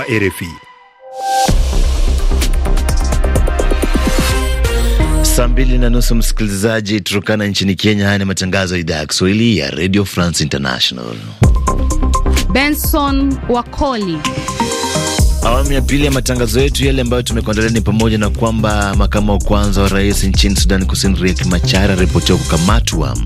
hapa RFI. Saa mbili na nusu msikilizaji, Turkana nchini Kenya. Haya ni matangazo ya idhaa ya Kiswahili ya Radio France International. Benson Wakoli Awamu ya pili ya matangazo yetu yale ambayo tumekuandalia ni pamoja na kwamba makamu wa kwanza wa rais nchini Sudan Kusini Riek Machar aripotiwa kukamatwa.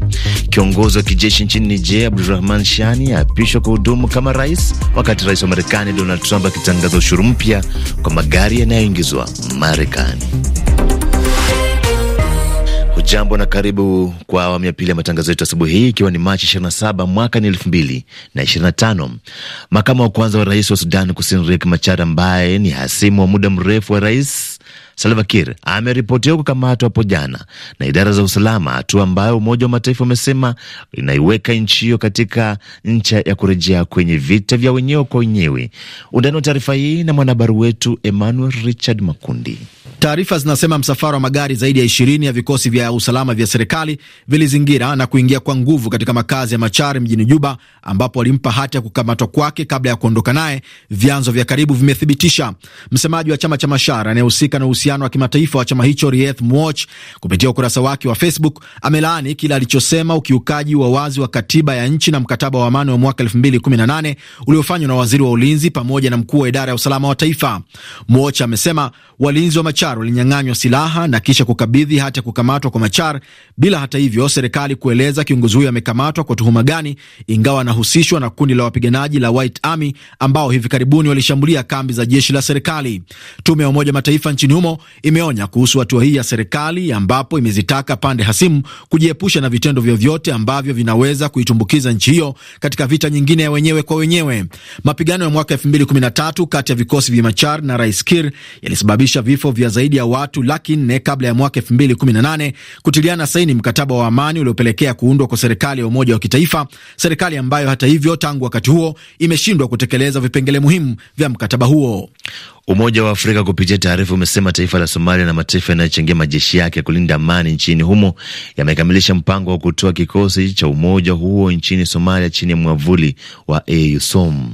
Kiongozi wa kijeshi nchini Niger Abdurahman Shani aapishwa kuhudumu kama rais, wakati rais wa Marekani Donald Trump akitangaza ushuru mpya kwa magari yanayoingizwa Marekani. Ujambo na karibu kwa awamu ya pili ya matangazo yetu asubuhi hii, ikiwa ni Machi 27 mwaka ni 2025. Makamu wa kwanza wa rais wa Sudan Kusini Riek Machar, ambaye ni hasimu wa muda mrefu wa rais Salva Kiir, ameripotiwa kukamatwa hapo jana na idara za usalama, hatua ambayo Umoja wa Mataifa umesema inaiweka nchi hiyo katika ncha ya kurejea kwenye vita vya wenyewe kwa wenyewe. Undani wa taarifa hii na mwanahabari wetu Emmanuel Richard Makundi. Taarifa zinasema msafara wa magari zaidi ya ishirini ya vikosi vya usalama vya serikali vilizingira na kuingia kwa nguvu katika makazi ya Machar mjini Juba, ambapo walimpa hati ya kukamatwa kwake kabla ya kuondoka naye, vyanzo vya karibu vimethibitisha. Msemaji wa chama cha Machar anayehusika na uhusiano wa kimataifa wa chama hicho Rieth kupitia ukurasa wake wa Facebook, amelaani kile alichosema ukiukaji wa wazi wa katiba ya nchi na mkataba wa amani wa mwaka 2018 uliofanywa na waziri wa ulinzi pamoja na mkuu wa idara ya usalama wa taifa. Mwoch amesema walinzi wa Machar Machar walinyang'anywa silaha na kisha kukabidhi hati ya kukamatwa kwa Machar, bila hata hivyo serikali kueleza kiongozi huyo amekamatwa kwa tuhuma gani, ingawa anahusishwa na kundi la wapiganaji la White Army ambao hivi karibuni walishambulia kambi za jeshi la serikali. Tume ya Umoja Mataifa nchini humo imeonya kuhusu hatua hii ya serikali, ambapo imezitaka pande hasimu kujiepusha na vitendo vyovyote ambavyo vinaweza kuitumbukiza nchi hiyo katika vita nyingine ya wenyewe kwa wenyewe. Mapigano ya mwaka 2013 kati ya vikosi vya Machar na Rais Kir yalisababisha vifo vya zaidi ya watu laki nne kabla ya mwaka nane kutiliana saini mkataba wa amani uliopelekea kuundwa kwa serikali ya umoja wa kitaifa, serikali ambayo hata hivyo tangu wakati huo imeshindwa kutekeleza vipengele muhimu vya mkataba huo. Umoja wa Afrika kupitia taarifa umesema taifa la Somalia na mataifa yanayochangia majeshi yake kulinda amani nchini humo yamekamilisha mpango wa kutoa kikosi cha umoja huo nchini Somalia chini ya mwavuli wa AUSOM.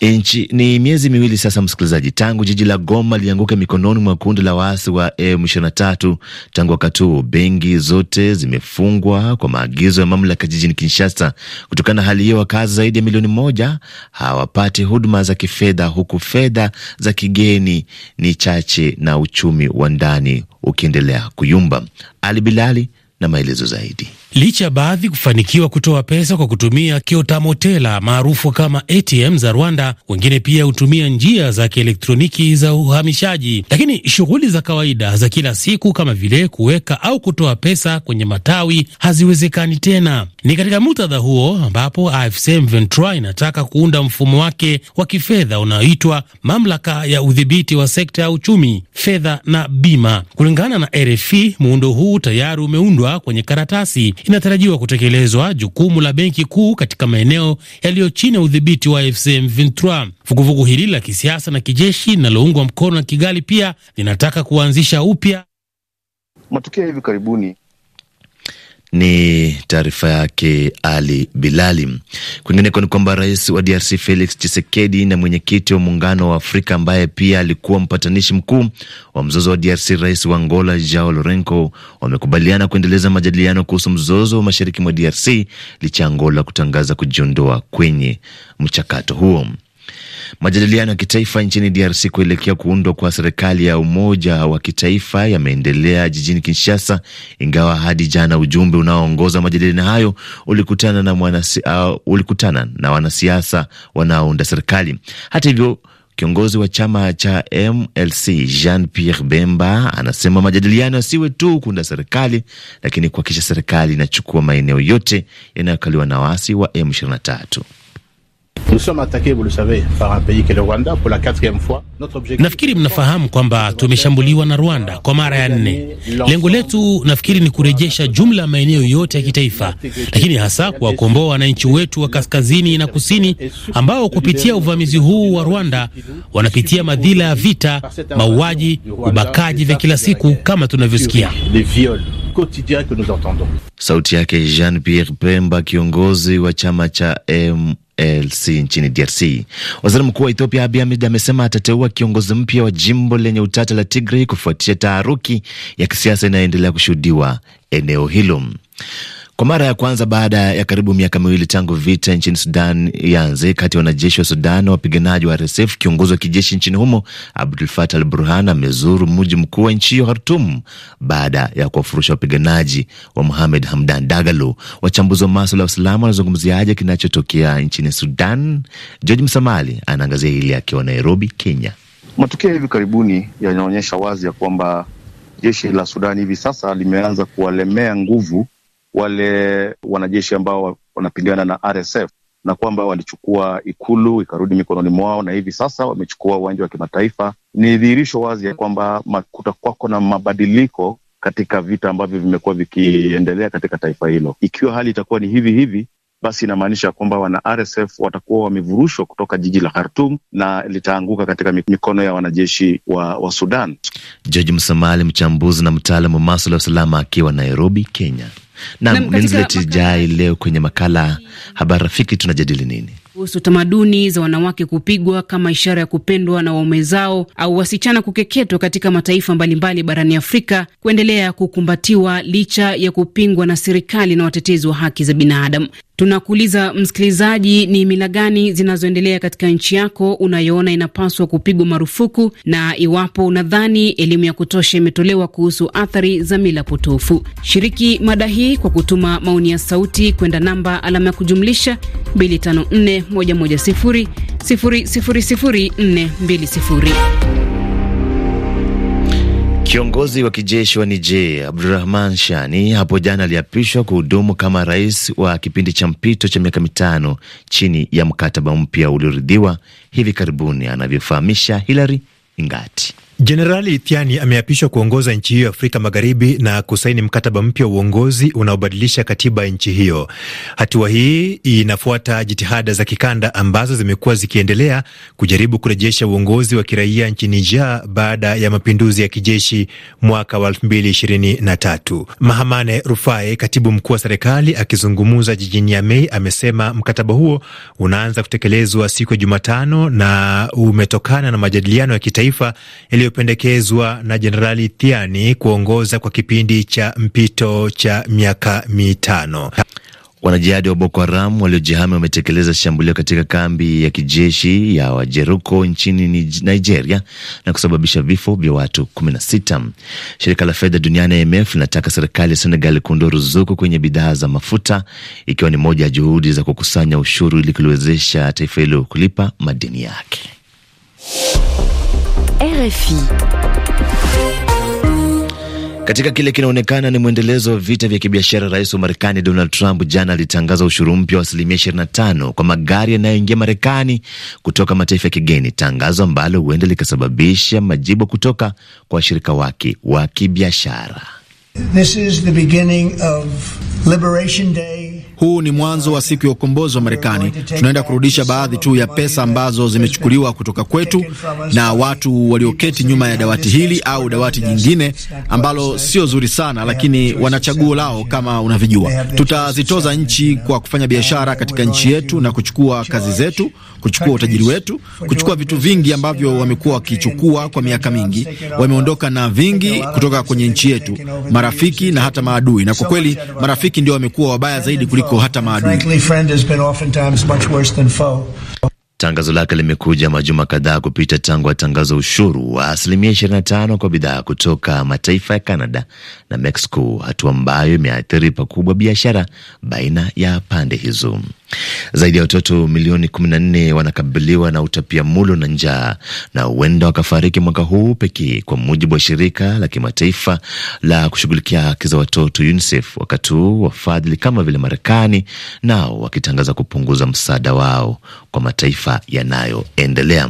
E, nchi ni miezi miwili sasa, msikilizaji, tangu jiji la Goma lianguke mikononi mwa kundi la waasi wa M23. Tangu wakati huo, benki zote zimefungwa kwa maagizo ya mamlaka jijini Kinshasa. Kutokana na hali hiyo, wakazi zaidi ya milioni moja hawapati huduma za kifedha, huku fedha za kigeni ni chache na uchumi wa ndani ukiendelea kuyumba. Ali Bilali na maelezo zaidi. Licha ya baadhi kufanikiwa kutoa pesa kwa kutumia kiotamotela maarufu kama ATM za Rwanda, wengine pia hutumia njia za kielektroniki za uhamishaji. Lakini shughuli za kawaida za kila siku kama vile kuweka au kutoa pesa kwenye matawi haziwezekani tena. Ni katika muktadha huo ambapo AFC M23 inataka kuunda mfumo wake wa kifedha unaoitwa mamlaka ya udhibiti wa sekta ya uchumi, fedha na bima. Kulingana na RFI, muundo huu tayari umeundwa kurekodiwa kwenye karatasi. Inatarajiwa kutekelezwa jukumu la benki kuu katika maeneo yaliyo chini ya udhibiti wa FCM 23 Vuguvugu hili la kisiasa na kijeshi linaloungwa mkono na Kigali pia linataka kuanzisha upya matukio ya hivi karibuni ni taarifa yake Ali Bilali. Kwingineko ni kwamba rais wa DRC Felix Tshisekedi na mwenyekiti wa Muungano wa Afrika ambaye pia alikuwa mpatanishi mkuu wa mzozo wa DRC, rais wa Angola jao Lorenco, wamekubaliana kuendeleza majadiliano kuhusu mzozo wa mashariki mwa DRC licha ya Angola kutangaza kujiondoa kwenye mchakato huo. Majadiliano ya kitaifa nchini DRC kuelekea kuundwa kwa serikali ya umoja wa kitaifa yameendelea jijini Kinshasa, ingawa hadi jana ujumbe unaoongoza majadiliano hayo ulikutana na, mwanasi, uh, ulikutana na wanasiasa wanaounda serikali. Hata hivyo kiongozi wa chama cha MLC Jean Pierre Bemba anasema majadiliano yasiwe tu kuunda serikali, lakini kuhakikisha serikali inachukua maeneo yote yanayokaliwa na waasi wa M23. Nafikiri mnafahamu kwamba tumeshambuliwa na Rwanda kwa mara ya nne. Lengo letu nafikiri ni kurejesha jumla ya maeneo yote ya kitaifa, lakini hasa kuwakomboa wananchi wetu wa kaskazini na kusini ambao kupitia uvamizi huu wa Rwanda wanapitia madhila ya vita, mauaji, ubakaji vya kila siku kama tunavyosikia. Sauti yake Jean Pierre Pemba, kiongozi wa chama cha M LC nchini DRC. Waziri Mkuu wa Ethiopia Abiy Ahmed amesema atateua kiongozi mpya wa jimbo lenye utata la Tigray kufuatia taharuki ya kisiasa inayoendelea kushuhudiwa eneo hilo. Kwa mara ya kwanza baada ya karibu miaka miwili tangu vita nchini Sudan ianze kati ya wanajeshi wa Sudan na wapiganaji wa RSF, kiongozi wa kijeshi nchini humo Abdul Fatah al Burhan amezuru mji mkuu wa nchi hiyo Hartum baada ya kuwafurusha wapiganaji wa Muhamed Hamdan Dagalo. Wachambuzi wa maswala ya usalama wanazungumziaje kinachotokea nchini Sudan? George Msamali anaangazia hili akiwa Nairobi, Kenya. Matukio hivi karibuni yanaonyesha wazi ya kwamba jeshi la Sudan hivi sasa limeanza kuwalemea nguvu wale wanajeshi ambao wanapigana na RSF na kwamba walichukua ikulu ikarudi mikononi mwao, na hivi sasa wamechukua uwanja wa kimataifa. Ni dhihirisho wazi ya kwamba kutakuwako na mabadiliko katika vita ambavyo vimekuwa vikiendelea katika taifa hilo. Ikiwa hali itakuwa ni hivi hivi, basi inamaanisha kwamba wana RSF watakuwa wamevurushwa kutoka jiji la Khartum na litaanguka katika mikono ya wanajeshi wa, wa Sudan. George Msamali, mchambuzi na mtaalamu wa maswala ya usalama, akiwa Nairobi, Kenya. Nam jai leo kwenye makala habari rafiki tunajadili nini? Kuhusu tamaduni za wanawake kupigwa kama ishara ya kupendwa na waume zao au wasichana kukeketwa katika mataifa mbalimbali barani Afrika kuendelea kukumbatiwa licha ya kupingwa na serikali na watetezi wa haki za binadamu. Tunakuuliza msikilizaji, ni mila gani zinazoendelea katika nchi yako unayoona inapaswa kupigwa marufuku, na iwapo unadhani elimu ya kutosha imetolewa kuhusu athari za mila potofu. Shiriki mada hii kwa kutuma maoni ya sauti kwenda namba alama ya kujumlisha 254110000420. Kiongozi wa kijeshi wa Niger Abdurahman Shani hapo jana aliapishwa kuhudumu kama rais wa kipindi cha mpito cha miaka mitano chini ya mkataba mpya ulioridhiwa hivi karibuni, anavyofahamisha Hilary Ingati. Jenerali Tiani ameapishwa kuongoza nchi hiyo ya Afrika Magharibi na kusaini mkataba mpya wa uongozi unaobadilisha katiba ya nchi hiyo. Hatua hii inafuata jitihada za kikanda ambazo zimekuwa zikiendelea kujaribu kurejesha uongozi wa kiraia nchini ja baada ya mapinduzi ya kijeshi mwaka wa 2023. Mahamane Rufai, katibu mkuu wa serikali, akizungumza jijini Niamey, amesema mkataba huo unaanza kutekelezwa siku ya Jumatano na umetokana na majadiliano ya kitaifa yaliyo iliyopendekezwa na Jenerali Tiani kuongoza kwa kipindi cha mpito cha miaka mitano. Wanajihadi wa Boko Haram waliojihami wametekeleza shambulio katika kambi ya kijeshi ya Wajeruko nchini Nigeria na kusababisha vifo vya watu 16. Shirika la fedha duniani IMF linataka serikali ya Senegal kuondoa ruzuku kwenye bidhaa za mafuta ikiwa ni moja ya juhudi za kukusanya ushuru ili kuliwezesha taifa hilo kulipa madeni yake. RFI. Katika kile kinaonekana ni mwendelezo wa vita vya kibiashara, rais wa Marekani Donald Trump jana alitangaza ushuru mpya wa asilimia 25 kwa magari yanayoingia Marekani kutoka mataifa ya kigeni, tangazo ambalo huenda likasababisha majibu kutoka kwa washirika wake wa kibiashara. This is the beginning of Liberation Day. Huu ni mwanzo wa siku ya ukombozi wa Marekani. Tunaenda kurudisha baadhi tu ya pesa ambazo zimechukuliwa kutoka kwetu na watu walioketi nyuma ya dawati hili au dawati jingine ambalo sio zuri sana, lakini wana chaguo lao. Kama unavyojua, tutazitoza nchi kwa kufanya biashara katika nchi yetu na kuchukua kazi zetu, kuchukua utajiri wetu, kuchukua vitu vingi ambavyo wamekuwa wakichukua kwa miaka mingi. Wameondoka na vingi kutoka kwenye nchi yetu, marafiki na hata maadui. Na kwa kweli marafiki ndio wamekuwa wabaya zaidi kuliko kuliko hata maadui. Tangazo lake limekuja majuma kadhaa kupita tangu atangaza ushuru wa asilimia 25 kwa bidhaa kutoka mataifa ya Canada na Mexico, hatua ambayo imeathiri pakubwa biashara baina ya pande hizo. Zaidi ya watoto milioni 14 wanakabiliwa na utapia mulo na njaa na huenda wakafariki mwaka huu pekee, kwa mujibu wa shirika la kimataifa la kushughulikia haki za watoto UNICEF, wakati huu wafadhili kama vile Marekani nao wakitangaza kupunguza msaada wao kwa mataifa yanayoendelea.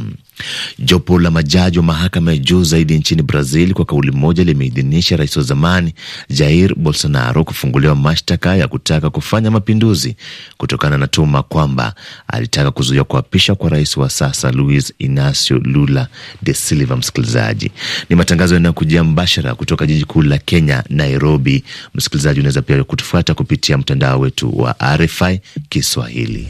Jopo la majaji wa mahakama ya juu zaidi nchini Brazil kwa kauli moja limeidhinisha rais wa zamani Jair Bolsonaro kufunguliwa mashtaka ya kutaka kufanya mapinduzi kutokana na tuma kwamba alitaka kuzuia kuapishwa kwa rais wa sasa luis Inacio Lula de Silva. Msikilizaji, ni matangazo yanayokujia mbashara kutoka jiji kuu la Kenya, Nairobi. Msikilizaji, unaweza pia kutufuata kupitia mtandao wetu wa RFI Kiswahili.